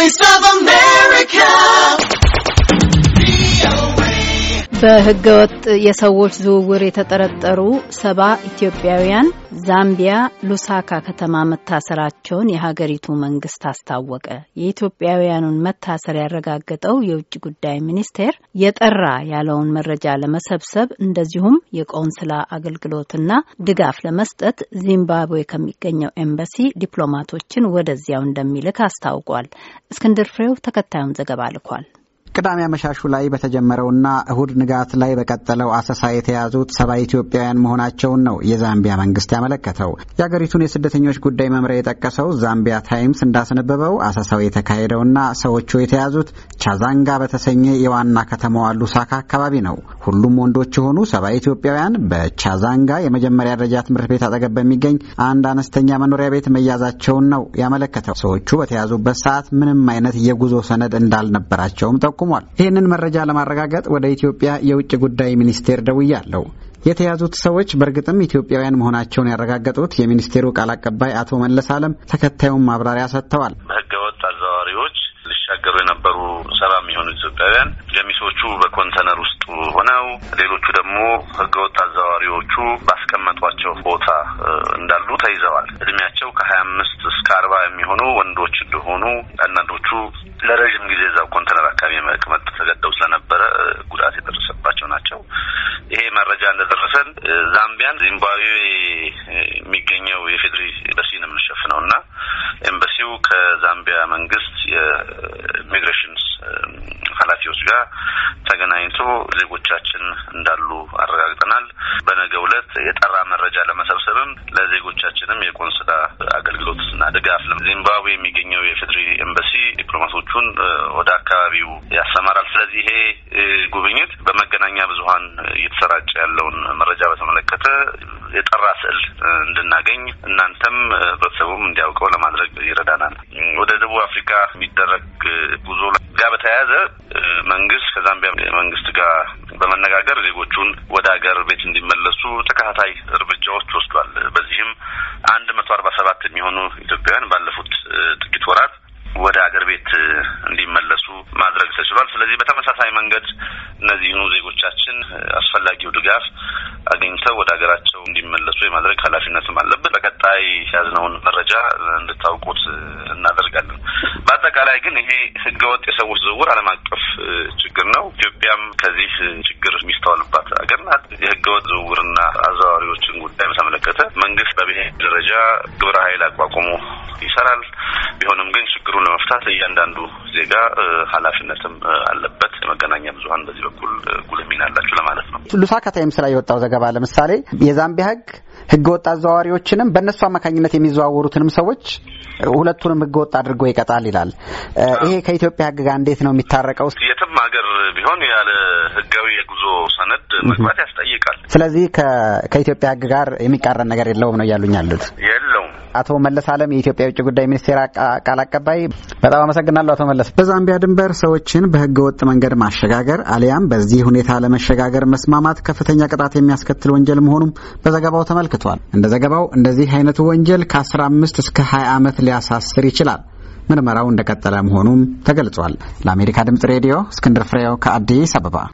Voice of በህገወጥ የሰዎች ዝውውር የተጠረጠሩ ሰባ ኢትዮጵያውያን ዛምቢያ ሉሳካ ከተማ መታሰራቸውን የሀገሪቱ መንግስት አስታወቀ። የኢትዮጵያውያኑን መታሰር ያረጋገጠው የውጭ ጉዳይ ሚኒስቴር የጠራ ያለውን መረጃ ለመሰብሰብ እንደዚሁም የቆንስላ አገልግሎትና ድጋፍ ለመስጠት ዚምባብዌ ከሚገኘው ኤምባሲ ዲፕሎማቶችን ወደዚያው እንደሚልክ አስታውቋል። እስክንድር ፍሬው ተከታዩን ዘገባ ልኳል። ቅዳሜ አመሻሹ ላይ በተጀመረውና እሁድ ንጋት ላይ በቀጠለው አሰሳ የተያዙት ሰባ ኢትዮጵያውያን መሆናቸውን ነው የዛምቢያ መንግስት ያመለከተው። የአገሪቱን የስደተኞች ጉዳይ መምሪያ የጠቀሰው ዛምቢያ ታይምስ እንዳስነበበው አሰሳው የተካሄደውና ሰዎቹ የተያዙት ቻዛንጋ በተሰኘ የዋና ከተማዋ ሉሳካ አካባቢ ነው። ሁሉም ወንዶች የሆኑ ሰባ ኢትዮጵያውያን በቻዛንጋ የመጀመሪያ ደረጃ ትምህርት ቤት አጠገብ በሚገኝ አንድ አነስተኛ መኖሪያ ቤት መያዛቸውን ነው ያመለከተው። ሰዎቹ በተያዙበት ሰዓት ምንም አይነት የጉዞ ሰነድ እንዳልነበራቸውም ጠቁ ጠቁሟል። ይህንን መረጃ ለማረጋገጥ ወደ ኢትዮጵያ የውጭ ጉዳይ ሚኒስቴር ደውያለሁ። የተያዙት ሰዎች በእርግጥም ኢትዮጵያውያን መሆናቸውን ያረጋገጡት የሚኒስቴሩ ቃል አቀባይ አቶ መለስ አለም ተከታዩን ማብራሪያ ሰጥተዋል። በህገወጥ አዘዋዋሪዎች ሊሻገሩ የነበሩ ሰባ የሚሆኑ ኢትዮጵያውያን ገሚሶቹ በኮንተነር ውስጥ ሆነው ሌሎቹ ደግሞ ህገወጥ አዘዋዋሪዎቹ ባስቀመጧቸው ቦታ እንዳሉ ተይዘዋል። እድሜያቸው ከሀያ አምስት እስከ አርባ የሚሆኑ ወንዶች እንደሆኑ ኢትዮጵያን ዚምባብዌ የሚገኘው የፌዴሪ ኤምባሲ ነው የምንሸፍነው እና ኤምባሲው ከዛምቢያ መንግስት የኢሚግሬሽን ኃላፊዎች ጋር ተገናኝቶ ዜጎቻችን እንዳሉ አረጋግጠናል። በነገ ዕለት የጠራ መረጃ ለመሰብሰብም ለዜጎቻችንም የቆንስላ አገልግሎት እና ድጋፍ ዚምባብዌ የሚገኘው የፌዴሪ ኤምባሲ ዲፕሎማቶቹን ወደ አካባቢው ያሰማራል። ስለዚህ ይሄ ጉብኝት በመ መገናኛ ብዙኃን እየተሰራጨ ያለውን መረጃ በተመለከተ የጠራ ስዕል እንድናገኝ እናንተም ህብረተሰቡም እንዲያውቀው ለማድረግ ይረዳናል። ወደ ደቡብ አፍሪካ የሚደረግ ጉዞ ጋር በተያያዘ መንግስት ከዛምቢያ መንግስት ጋር በመነጋገር ዜጎቹን ወደ ሀገር ቤት እንዲመለሱ ተከታታይ እርምጃዎች ወስዷል። በዚህም አንድ መቶ አርባ ሰባት የሚሆኑ ኢትዮጵያውያን ባለፉት ጥቂት ወራት ወደ ሀገር ቤት እንዲመለሱ ማድረግ ተችሏል። ስለዚህ በተመሳሳይ መንገድ እነዚህኑ ዜጎቻችን አስፈላጊው ድጋፍ አግኝተው ወደ ሀገራቸው እንዲመለሱ የማድረግ ኃላፊነትም አለብን። በቀጣይ ያዝነውን መረጃ እንድታውቁት እናደርጋለን። በአጠቃላይ ግን ይሄ ህገወጥ የሰዎች ዝውውር ዓለም አቀፍ ችግር ነው። ኢትዮጵያም ከዚህ ችግር የሚስተዋልባት ሀገር ናት። የህገወጥ ዝውውርና አዘዋዋሪዎች መንግስት በብሔር ደረጃ ግብረ ኃይል አቋቁሞ ይሰራል። ቢሆንም ግን ችግሩን ለመፍታት እያንዳንዱ ዜጋ ኃላፊነትም አለበት። የመገናኛ ብዙኃን በዚህ በኩል ጉልህ ሚና አላችሁ ለማለት ነው። ሉሳካ ታይምስ ላይ የወጣው ዘገባ ለምሳሌ የዛምቢያ ህግ ህገወጥ አዘዋዋሪዎችንም በእነሱ አማካኝነት የሚዘዋወሩትንም ሰዎች ሁለቱንም ህገ ወጥ አድርጎ ይቀጣል ይላል። ይሄ ከኢትዮጵያ ህግ ጋር እንዴት ነው የሚታረቀው? ቢሆን ያለ ህጋዊ የጉዞ ሰነድ መግባት ያስጠይቃል። ስለዚህ ከኢትዮጵያ ህግ ጋር የሚቃረን ነገር የለውም ነው እያሉኝ ያሉት? የለውም። አቶ መለስ አለም የኢትዮጵያ የውጭ ጉዳይ ሚኒስቴር ቃል አቀባይ፣ በጣም አመሰግናለሁ አቶ መለስ። በዛምቢያ ድንበር ሰዎችን በህገ ወጥ መንገድ ማሸጋገር አሊያም በዚህ ሁኔታ ለመሸጋገር መስማማት ከፍተኛ ቅጣት የሚያስከትል ወንጀል መሆኑም በዘገባው ተመልክቷል። እንደ ዘገባው እንደዚህ አይነቱ ወንጀል ከአስራ አምስት እስከ ሀያ ዓመት ሊያሳስር ይችላል። ምርመራው እንደቀጠለ መሆኑም ተገልጿል። ለአሜሪካ ድምጽ ሬዲዮ እስክንድር ፍሬው ከአዲስ አበባ